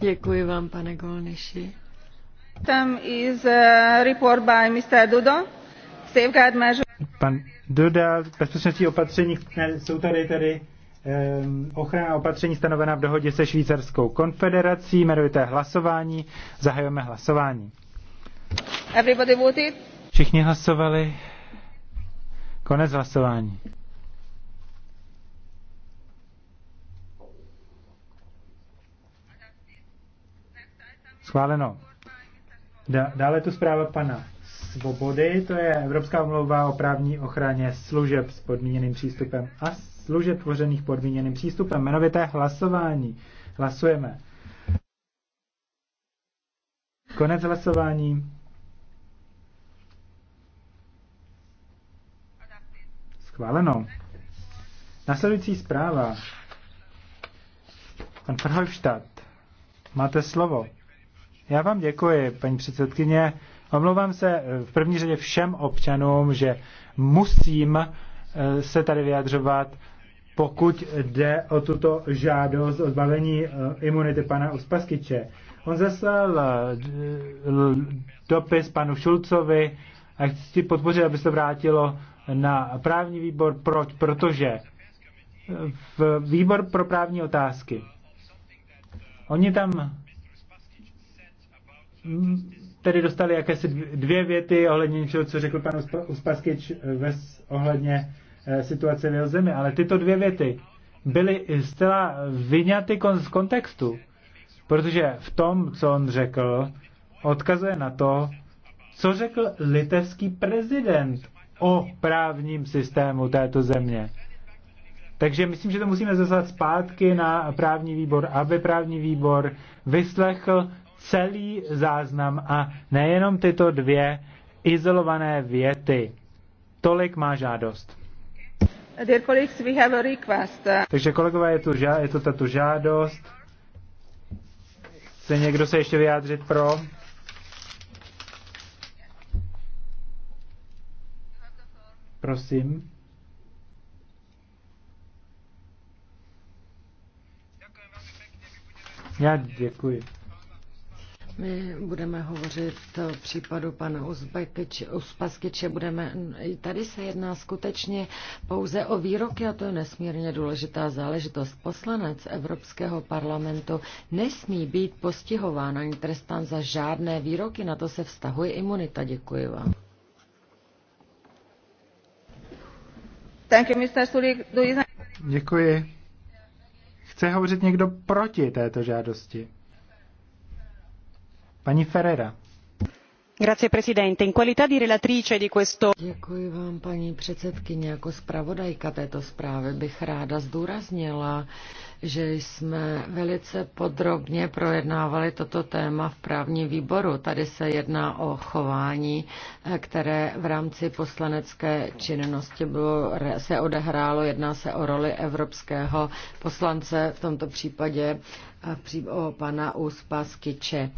Děkuji vám, pane Golniši. Tam is eh, report by Mr. Dudo. Safeguard measure. Pan Duda, bezpečnostní opatření, jsou tady tady ehm, ochrana opatření stanovená v dohodě se Švýcarskou konfederací. Jmenujete hlasování. Zahajujeme hlasování. Everybody voted? Všichni hlasovali. Konec hlasování. Schváleno. Dále tu zpráva pana Svobody, to je Evropská umlouva o právní ochraně služeb s podmíněným přístupem a služeb tvořených podmíněným přístupem. Jmenovité hlasování. Hlasujeme. Konec hlasování. Schváleno. Nasledující zpráva. Pan Verhofstadt, máte slovo. Já vám děkuji, paní předsedkyně. Omlouvám se eh, v první řadě všem občanům, že musím eh, se tady vyjadřovat, pokud jde o tuto žádost o zbavení eh, imunity pana Uspaskyče. On zaslal dopis panu Šulcovi a chci podpořit, aby se vrátilo na právní výbor. Proč? Protože v výbor pro právní otázky. Oni tam Mm, tedy dostali jakési dvě věty ohledně něčeho, co řekl pan Uspaskyč eh, ves, ohledně eh, situace v jeho zemi, ale tyto dvě věty byly zcela vyňaty z kontextu, protože v tom, co on řekl, odkazuje na to, co řekl litevský prezident o právním systému této země. Takže myslím, že to musíme zaslat zpátky na právní výbor, aby právní výbor vyslechl celý záznam a nejenom tyto dvě izolované věty. Tolik má žádost. Dear colleagues, we have a request. Takže kolegové, je tu, ža- je tu tato žádost. Chce někdo se ještě vyjádřit pro? Prosím. Já děkuji. My budeme hovořit o případu pana Uspaskyče. Budeme, tady se jedná skutečně pouze o výroky a to je nesmírně důležitá záležitost. Poslanec Evropského parlamentu nesmí být postihován ani trestán za žádné výroky. Na to se vztahuje imunita. Děkuji vám. Děkuji. Chce hovořit někdo proti této žádosti? Paní Ferrera. Grazie, presidente. In qualità di relatrice di questo... Děkuji vám, paní předsedkyně. Jako zpravodajka této zprávy bych ráda zdůraznila, že jsme velice podrobně projednávali toto téma v právním výboru. Tady se jedná o chování, eh, které v rámci poslanecké činnosti bylo, se odehrálo. Jedná se o roli evropského poslance, v tomto případě eh, o pana Úspaskyče.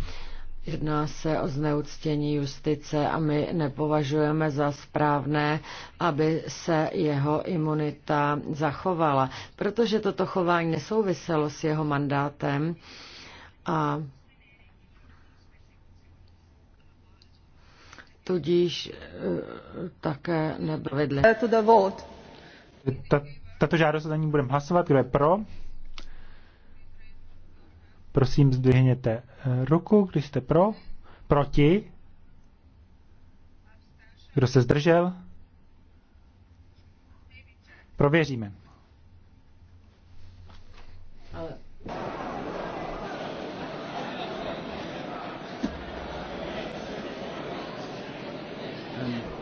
Jedná se o zneuctění justice a my nepovažujeme za správné, aby se jeho imunita zachovala, protože toto chování nesouviselo s jeho mandátem a tudíž eh, také nebyl vedle. Tato žádost za ní budeme hlasovat. Kdo je pro? Prosím, zdvihněte eh, ruku, když jste pro. Proti? Kdo se zdržel? Prověříme. Ale... Um.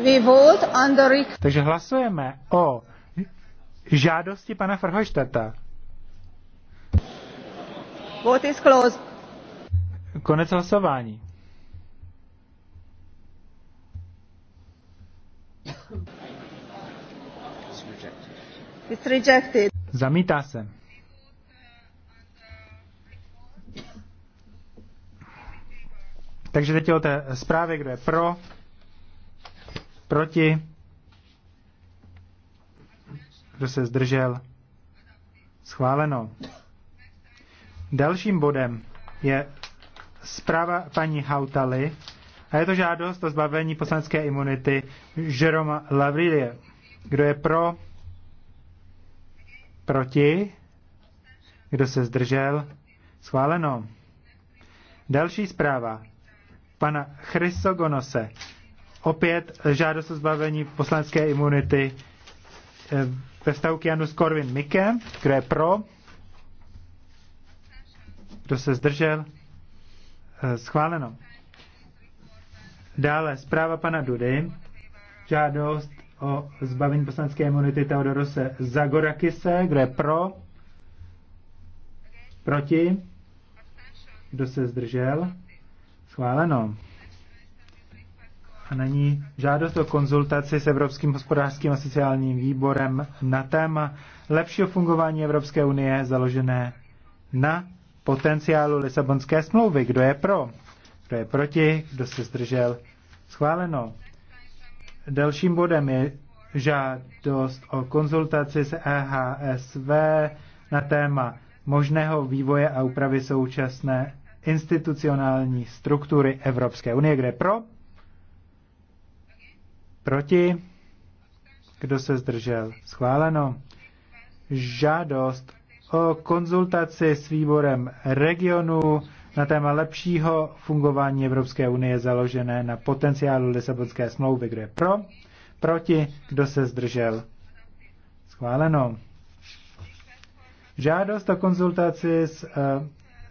We vote on the... Takže hlasujeme o žádosti pana Frhoštata. Vote is closed. Konec hlasování. It's rejected. Zamítá se. Takže teď o té zprávě, kdo je pro, Proti? Kdo se zdržel? Schváleno. Dalším bodem je zpráva paní Hautaly a je to žádost o zbavení poslanecké imunity Jeroma Lavrilie. Kdo je pro? Proti? Kdo se zdržel? Schváleno. Další zpráva pana Chrysogonose opět žádost o zbavení poslanské imunity eh, ve vztahu k Janu Skorvin Mike, Kdo je pro? Kdo se zdržel? Eh, schváleno. Dále zpráva pana Dudy. Žádost o zbavení poslanské imunity Teodorose Zagorakise. Kdo je pro? Proti? Kdo se zdržel? Schváleno. A na ní žádost o konzultaci s Evropským hospodářským a sociálním výborem na téma lepšího fungování Evropské unie založené na potenciálu Lisabonské smlouvy. Kdo je pro? Kdo je proti? Kdo se zdržel? Schváleno. Dalším bodem je žádost o konzultaci s EHSV na téma možného vývoje a úpravy současné institucionální struktury Evropské unie, kde pro Proti? Kdo se zdržel? Schváleno. Žádost o konzultaci s výborem regionu na téma lepšího fungování Evropské unie založené na potenciálu Lisabonské smlouvy. Kdo je pro? Proti? Kdo se zdržel? Schváleno. Žádost o konzultaci s eh,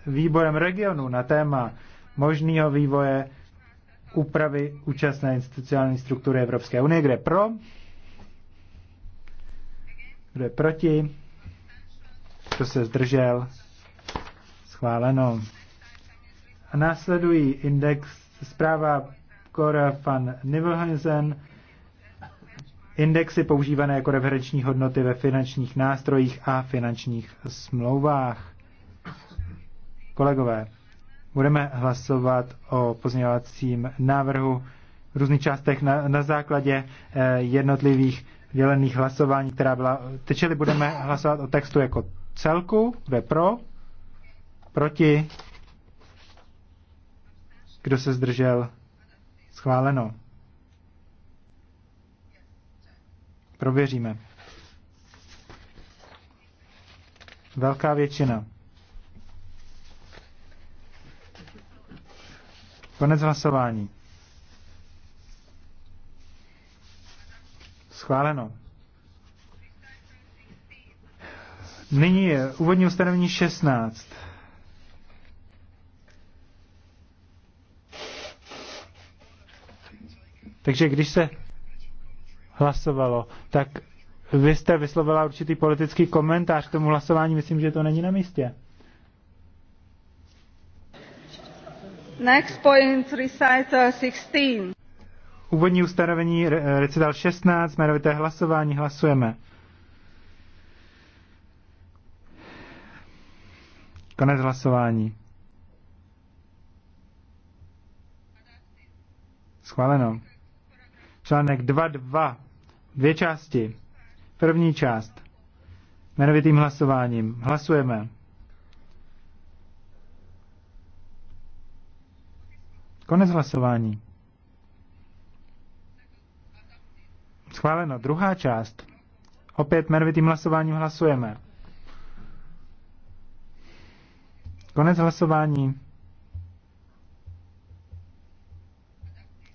výborem regionu na téma možného vývoje úpravy účastné institucionální struktury Evropské unie. Kde pro? Kde proti? Kdo se zdržel? Schváleno. A následují index zpráva Kora van Nivelhuizen, indexy používané jako referenční hodnoty ve finančních nástrojích a finančních smlouvách. Kolegové, Budeme hlasovat o pozměňovacím návrhu v různých částech na, na základě eh, jednotlivých dělených hlasování, která byla... Tečeli budeme hlasovat o textu jako celku, kdo je pro, proti, kdo se zdržel, schváleno. Prověříme. Velká většina. Konec hlasování. Schváleno. Nyní je úvodní ustanovení 16. Takže když se hlasovalo, tak vy jste vyslovila určitý politický komentář k tomu hlasování. Myslím, že to není na místě. recital 16. Úvodní ustanovení recital 16, jmenovité hlasování, hlasujeme. Konec hlasování. Schváleno. Článek 2.2. Dvě části. První část. Jmenovitým hlasováním. Hlasujeme. Konec hlasování. Schváleno. Druhá část. Opět mervitým hlasováním hlasujeme. Konec hlasování.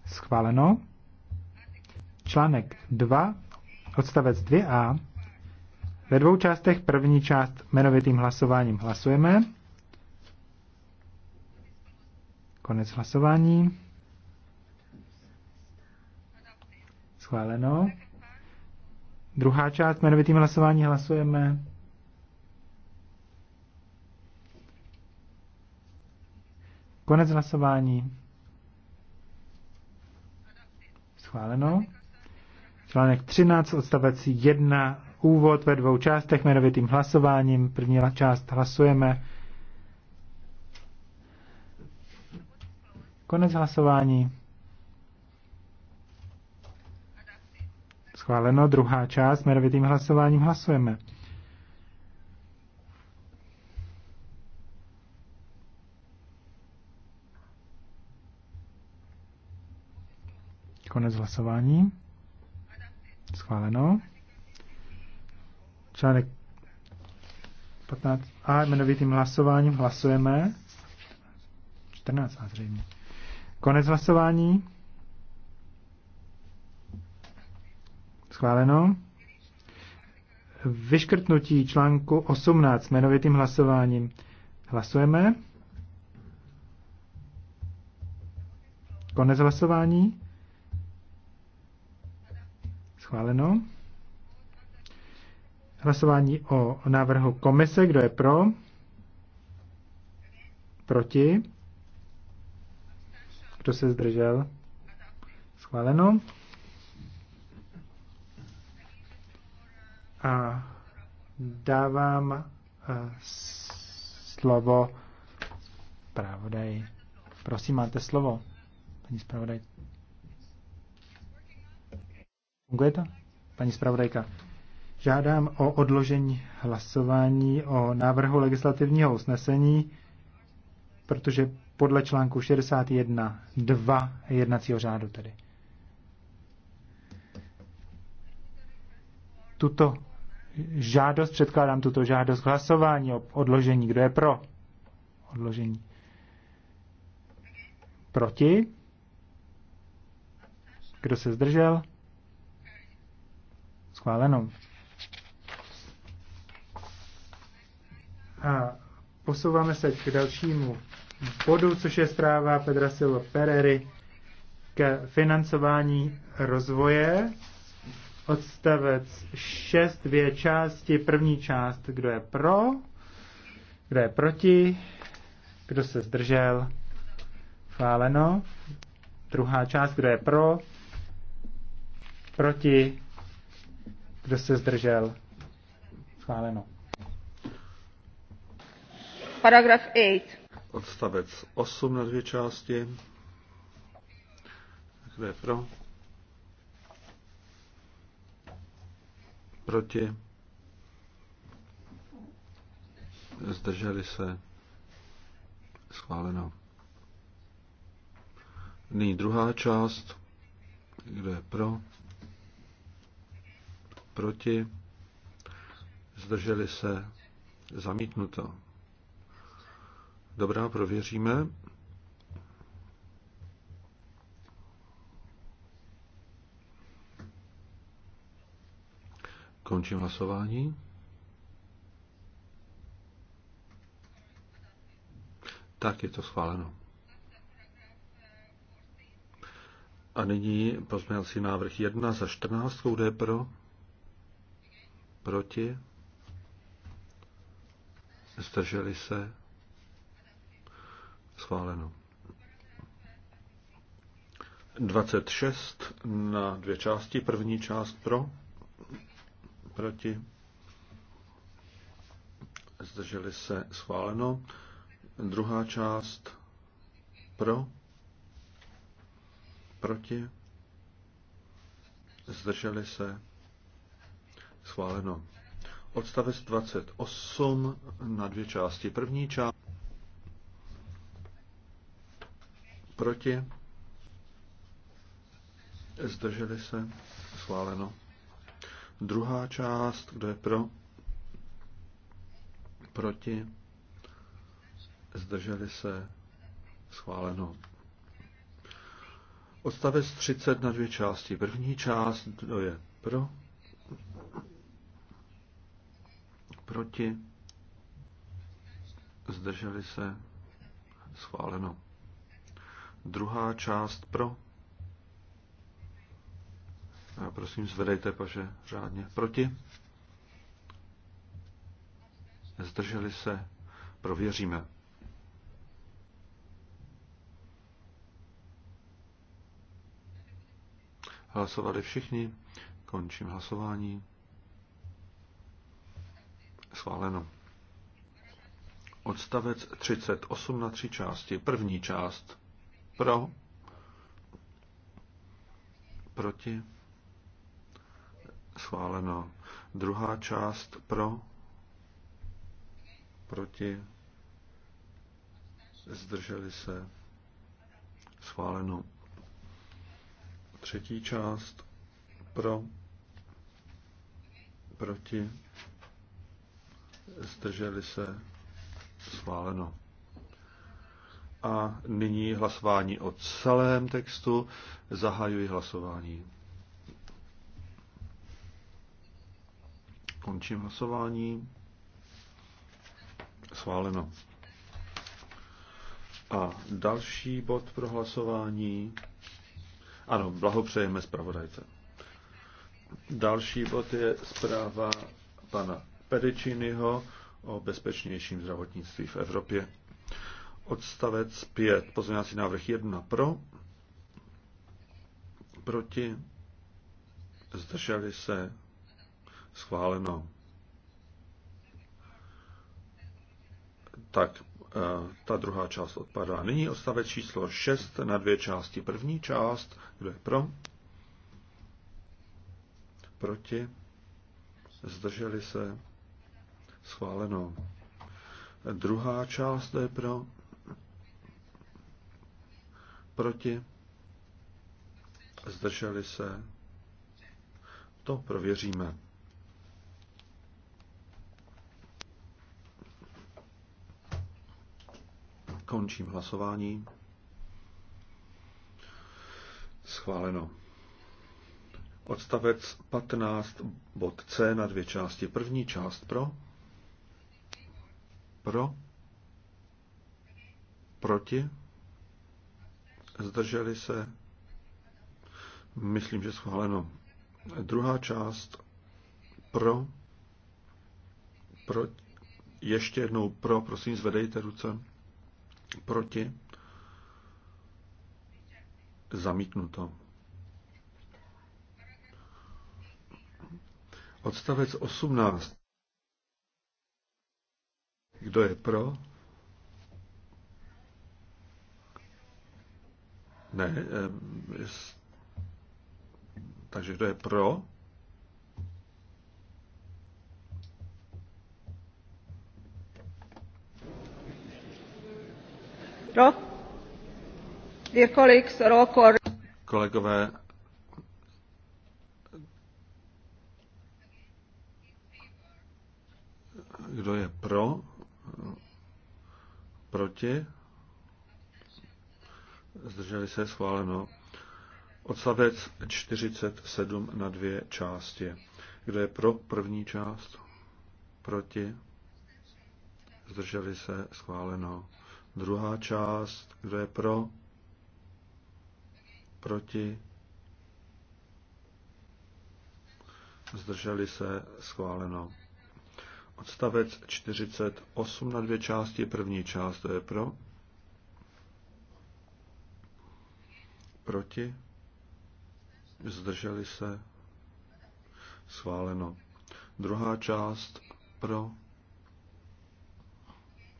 Schváleno. Článek 2, odstavec 2a. Ve dvou částech první část jmenovitým hlasováním hlasujeme. Konec hlasování. Schváleno. Druhá část jmenovitým hlasování hlasujeme. Konec hlasování. Schváleno. Článek 13, odstavec 1, úvod ve dvou částech jmenovitým hlasováním. První část hlasujeme. Konec hlasování. Schváleno druhá část, mervitým hlasováním hlasujeme. Konec hlasování. Schváleno. Článek 15a jmenovitým hlasováním hlasujeme. 14 zřejmě. Konec hlasování. Schváleno. Vyškrtnutí článku 18 jmenovitým hlasováním. Hlasujeme. Konec hlasování. Schváleno. Hlasování o návrhu komise. Kdo je pro? Proti? Kdo se zdržel? Schváleno. A dávám eh, slovo zpravodaj. Prosím, máte slovo, paní zpravodaj. Funguje to? Paní zpravodajka. Žádám o odložení hlasování o návrhu legislativního usnesení, protože podle článku 61 2 jednacího řádu tedy. Tuto žádost, předkládám tuto žádost hlasování o odložení. Kdo je pro? Odložení. Proti? Kdo se zdržel? Schváleno. A posouváme se k dalšímu bodu, což je zpráva Pedra Silva Perery k financování rozvoje. Odstavec 6, dvě části. První část, kdo je pro, kdo je proti, kdo se zdržel, chváleno. Druhá část, kdo je pro, proti, kdo se zdržel, chváleno. Paragraf 8. Odstavec 8 na dvě části. Kdo je pro? Proti? Zdrželi se? Schváleno. Nyní druhá část. Kdo je pro? Proti? Zdrželi se? Zamítnuto. Dobrá, prověříme. Končím hlasování. Tak je to schváleno. A nyní pozměňovací návrh 1 za 14, kde je pro? Proti? Zdrželi se? Schváleno. 26 na dvě části. První část pro, proti, zdrželi se schváleno. Druhá část pro, proti, zdrželi se schváleno. Odstavec 28 na dvě části. První část Proti? Zdrželi se? Schváleno. Druhá část, kdo je pro? Proti? Zdrželi se? Schváleno. Odstavec 30 na dvě části. První část, kdo je pro? Proti? Zdrželi se? Schváleno. Druhá část pro. A prosím, zvedejte paže řádně. Proti. Zdrželi se. Prověříme. Hlasovali všichni. Končím hlasování. Schváleno. Odstavec 38 na tři části. První část pro. Proti. Schváleno. Druhá část pro. Proti. Zdrželi se. Schváleno. Třetí část pro. Proti. Zdrželi se. Schváleno. A nyní hlasování o celém textu. Zahajuji hlasování. Končím hlasování. Sváleno. A další bod pro hlasování. Ano, blahopřejeme zpravodajce. Další bod je zpráva pana Pediciniho o bezpečnějším zdravotnictví v Evropě odstavec 5, pozměňovací návrh 1 pro, proti, zdrželi se, schváleno. Tak, eh, ta druhá část odpadá. Nyní odstavec číslo 6 na dvě části. První část, kdo je pro? Proti? Zdrželi se? Schváleno. Druhá část, kdo je pro? proti, zdrželi se, to prověříme. Končím hlasování. Schváleno. Odstavec 15 bod C na dvě části. První část pro. Pro. Proti zdrželi se, myslím, že schváleno. Druhá část pro, pro, ještě jednou pro, prosím, zvedejte ruce, proti, zamítnuto. Odstavec 18. Kdo je pro? Ne. Eh, takže kdo je pro? Pro? Dear colleagues, z rokor. Kolegové, kdo je pro, proti, zdrželi se schváleno. Odstavec 47 na dvě části. Kdo je pro první část? Proti? Zdrželi se schváleno. Druhá část. Kdo je pro? Proti? Zdrželi se schváleno. Odstavec 48 na dvě části. První část. To je pro? Proti? Zdrželi se? Schváleno. Druhá část pro?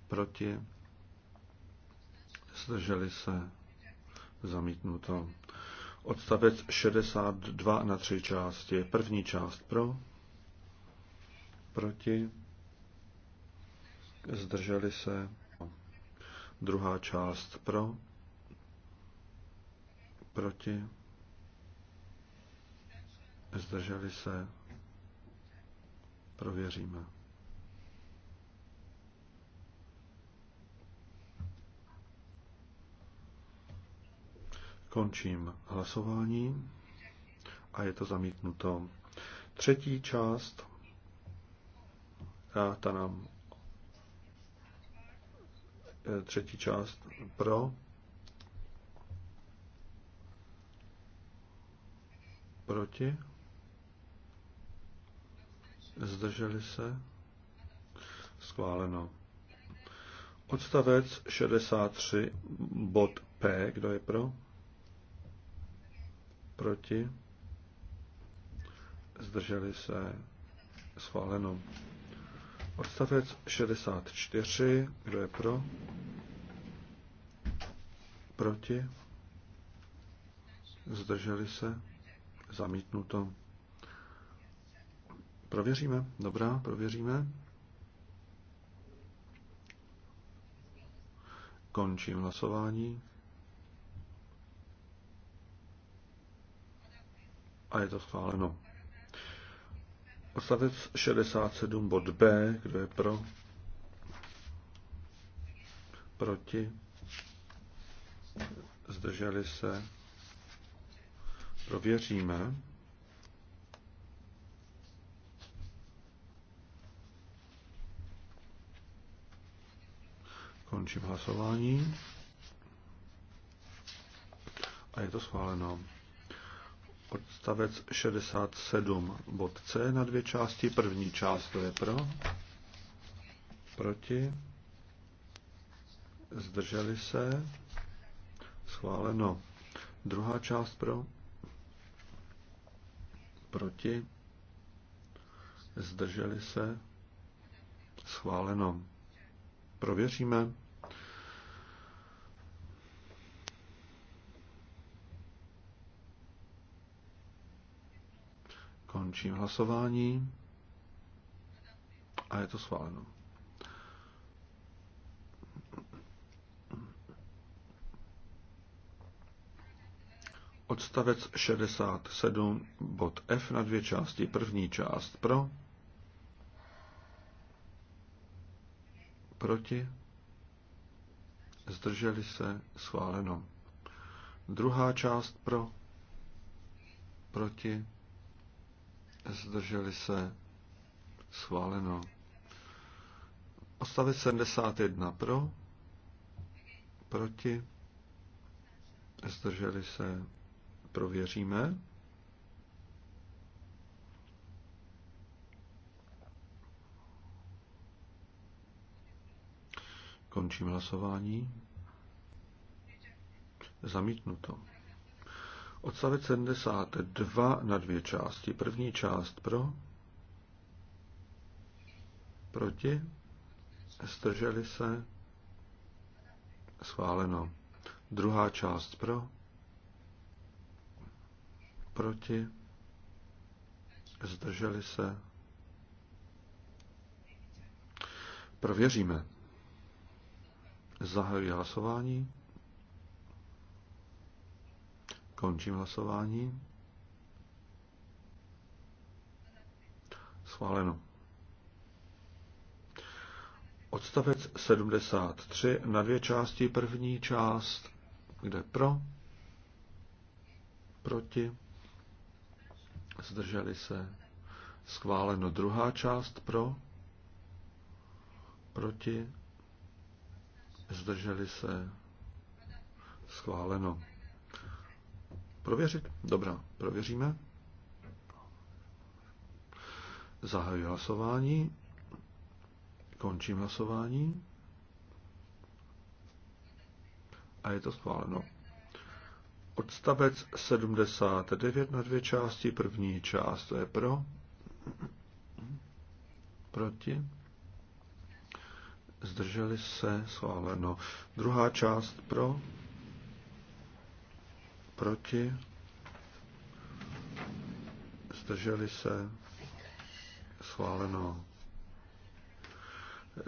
Proti? Zdrželi se? Zamítnuto. Odstavec 62 na tři části. První část pro? Proti? Zdrželi se? Druhá část pro? proti, zdrželi se, prověříme. Končím hlasování a je to zamítnuto. Třetí část, a ta nám eh, třetí část pro, Proti? Zdrželi se? Schváleno. Odstavec 63, bod P, kdo je pro? Proti? Zdrželi se? Schváleno. Odstavec 64, kdo je pro? Proti? Zdrželi se? Zamítnuto. Prověříme. Dobrá, prověříme. Končím hlasování. A je to schváleno. Odstavec 67 bod B, kdo je pro? Proti? Zdrželi se? Prověříme. Končím hlasování. A je to schváleno. Odstavec 67 bod C na dvě části. První část to je pro. Proti. Zdrželi se. Schváleno. Druhá část pro proti, zdrželi se, schváleno. Prověříme. Končím hlasování a je to schváleno. Odstavec 67, bod F na dvě části. První část pro, proti, zdrželi se, schváleno. Druhá část pro, proti, zdrželi se, schváleno. Odstavec 71 pro, proti, zdrželi se, prověříme. Končím hlasování. Zamítnuto. Odstavec 72 na dvě části. První část pro, proti, Strželi se, schváleno. Druhá část pro, proti, zdrželi se. Prověříme. Zahajuji hlasování. Končím hlasování. Schváleno. Odstavec 73 na dvě části. První část, kde pro, proti, zdrželi se, schváleno druhá část pro, proti, zdrželi se, schváleno. Prověřit? Dobrá, prověříme. Zahajuji hlasování. Končím hlasování. A je to schváleno. Odstavec 79 na dvě části. První část to je pro. Proti. Zdrželi se. Schváleno. Druhá část pro. Proti. Zdrželi se. Schváleno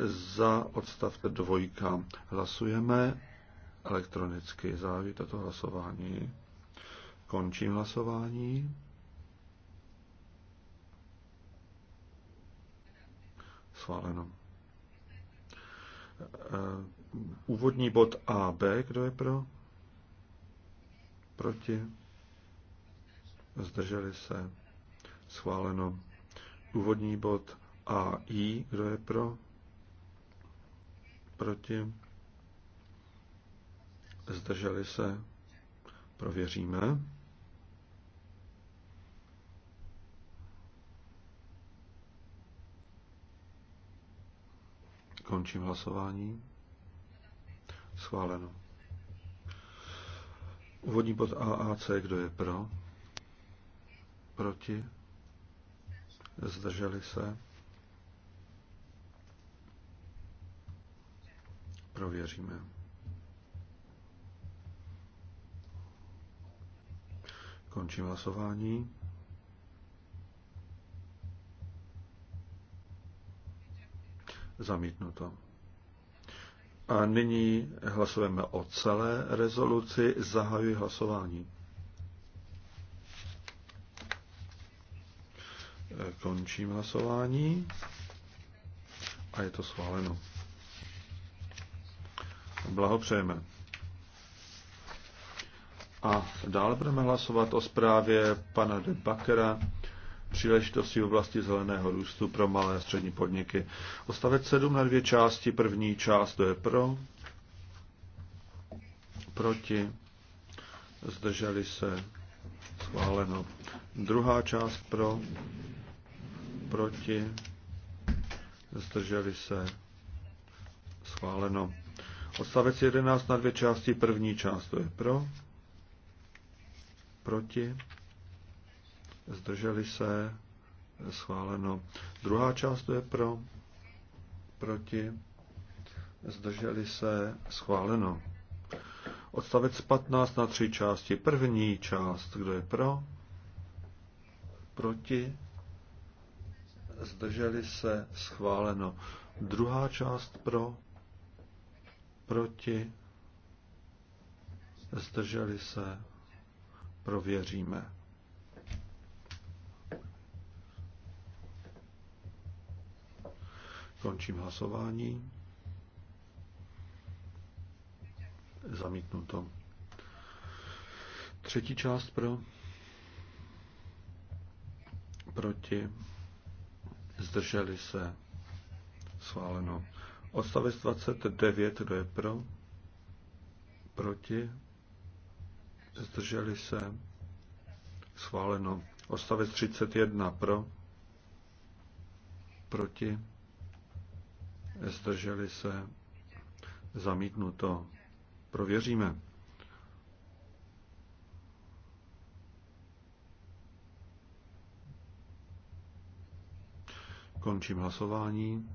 za odstavce dvojka. Hlasujeme elektronicky. Zahajuji toto hlasování. Končím hlasování. Schváleno. Eh, úvodní bod A B. kdo je pro? Proti? Zdrželi se. Schváleno. Úvodní bod A I. kdo je pro? Proti? zdrželi se, prověříme. Končím hlasování. Schváleno. Uvodní bod AAC, kdo je pro? Proti? Zdrželi se? Prověříme. Končím hlasování. Zamítnuto. A nyní hlasujeme o celé rezoluci. Zahajuji hlasování. Končím hlasování a je to schváleno. Blahopřejeme. A dále budeme hlasovat o zprávě pana de Bakera příležitosti v oblasti zeleného růstu pro malé a střední podniky. Ostavec 7 na dvě části. První část to je pro, proti, zdrželi se, schváleno. Druhá část pro, proti, zdrželi se, schváleno. Odstavec 11 na dvě části, první část to je pro, proti, zdrželi se, schváleno. Druhá část to je pro, proti, zdrželi se, schváleno. Odstavec 15 na tři části. První část, kdo je pro, proti, zdrželi se, schváleno. Druhá část pro, proti, zdrželi se, prověříme. Končím hlasování. Zamítnuto. Třetí část pro. Proti. Zdrželi se. Schváleno. Odstavec 29, kdo je pro? Proti zdrželi se, schváleno. Ostavec 31 pro, proti, zdrželi se, zamítnuto. Prověříme. Končím hlasování.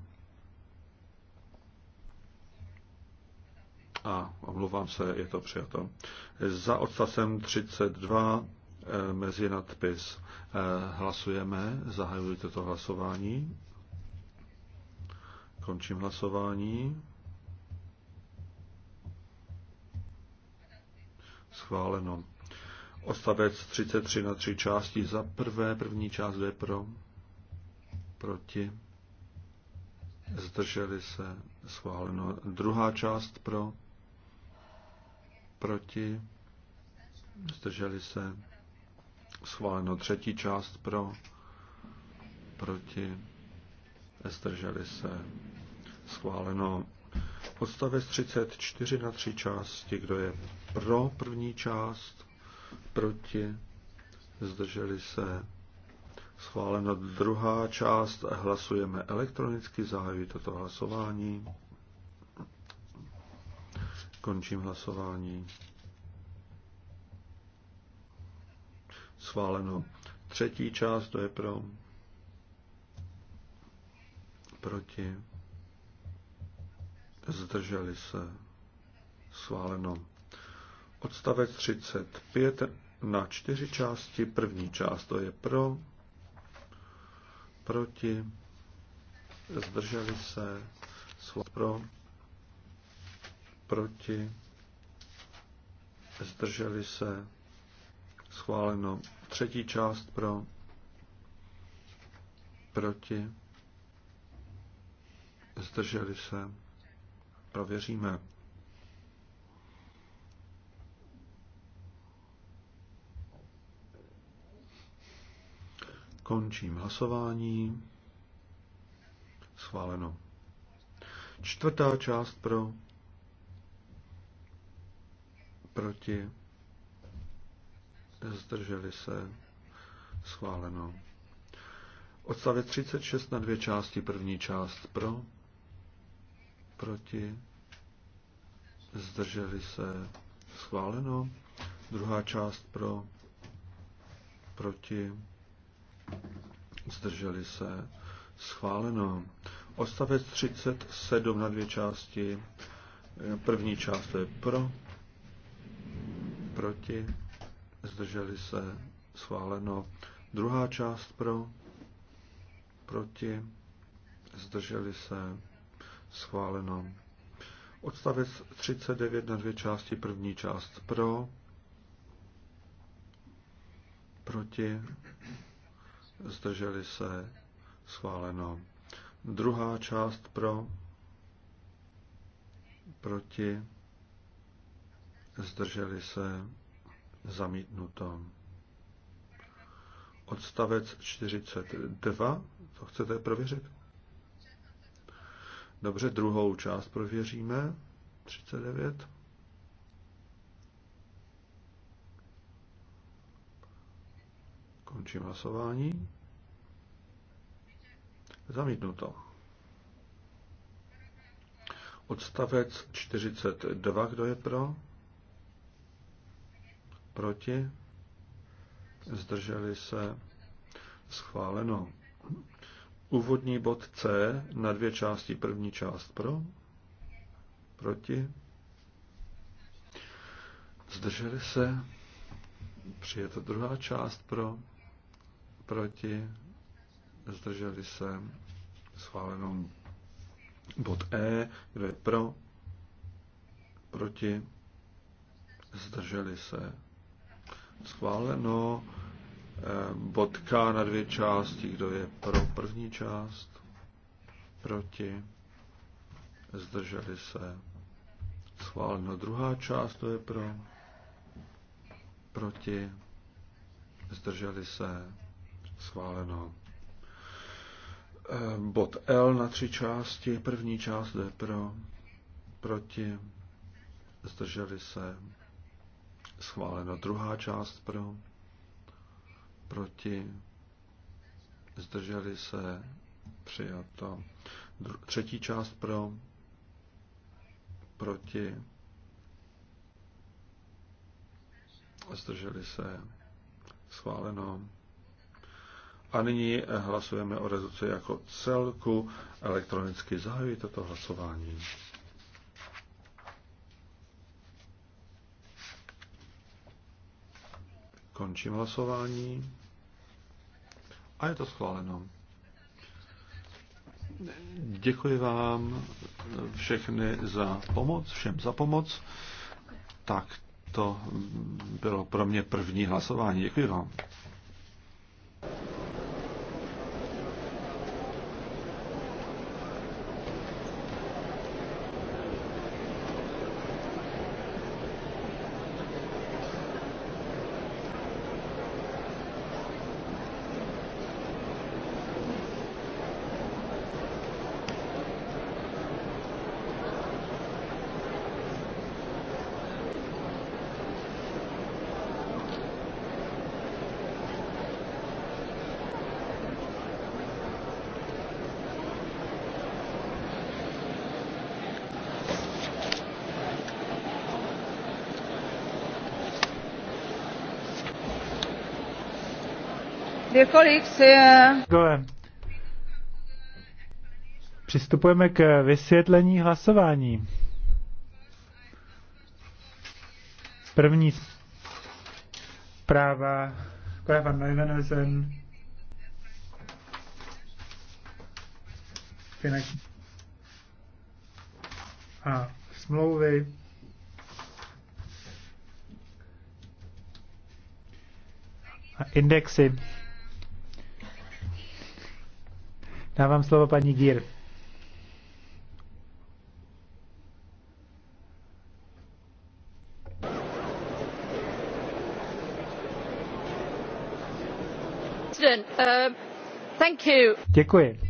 A omlouvám se, je to přijato za odstavcem 32 eh, mezi nadpis. Eh, hlasujeme, zahajuji toto hlasování. Končím hlasování. Schváleno. Ostavec 33 na tři části. Za prvé, první část je pro, proti, zdrželi se, schváleno. Druhá část pro, proti, zdrželi se, schváleno třetí část pro, proti, zdrželi se, schváleno odstavec 34 na tři části, kdo je pro první část, proti, zdrželi se, schváleno druhá část, hlasujeme elektronicky, zahajuji toto hlasování. Končím hlasování. Schváleno. Třetí část, to je pro. Proti. Zdrželi se. Schváleno. Odstavec 35 na čtyři části. První část, to je pro. Proti. Zdrželi se. Schváleno. Pro proti, zdrželi se, schváleno. Třetí část pro, proti, zdrželi se, prověříme. Končím hlasování. Schváleno. Čtvrtá část pro proti, zdrželi se, schváleno. Odstavec 36 na dvě části, první část pro, proti, zdrželi se, schváleno. Druhá část pro, proti, zdrželi se, schváleno. Odstavec 37 na dvě části, první část je pro, proti, zdrželi se, schváleno. Druhá část pro, proti, zdrželi se, schváleno. Odstavec 39 na dvě části, první část pro, proti, zdrželi se, schváleno. Druhá část pro, proti, zdrželi se, zamítnuto. Odstavec 42, to chcete prověřit? Dobře, druhou část prověříme, 39. Končím hlasování. Zamítnuto. Odstavec 42, kdo je pro? proti, zdrželi se, schváleno. Úvodní bod C na dvě části, první část pro, proti, zdrželi se, přijde to druhá část pro, proti, zdrželi se, schváleno. Bod E, kdo je pro, proti, zdrželi se, schváleno. E, bodka na dvě části. Kdo je pro první část? Proti? Zdrželi se. Schváleno druhá část. Kdo je pro? Proti? Zdrželi se. Schváleno. E, bod L na tři části. První část je pro, proti, zdrželi se Schváleno druhá část pro, proti, zdrželi se, přijato. Třetí část pro, proti, zdrželi se, schváleno. A nyní eh, hlasujeme o rezoluci jako celku. Elektronicky zahajuji toto hlasování. Končím hlasování. A je to schváleno. Děkuji vám všechny za pomoc, všem za pomoc. Tak to bylo pro mě první hlasování. Děkuji vám. Dear colleagues, uh... Přistupujeme k vysvětlení hlasování. První zpráva Kola van a smlouvy indexy Dávám slovo paní Gír. Uh, Děkuji.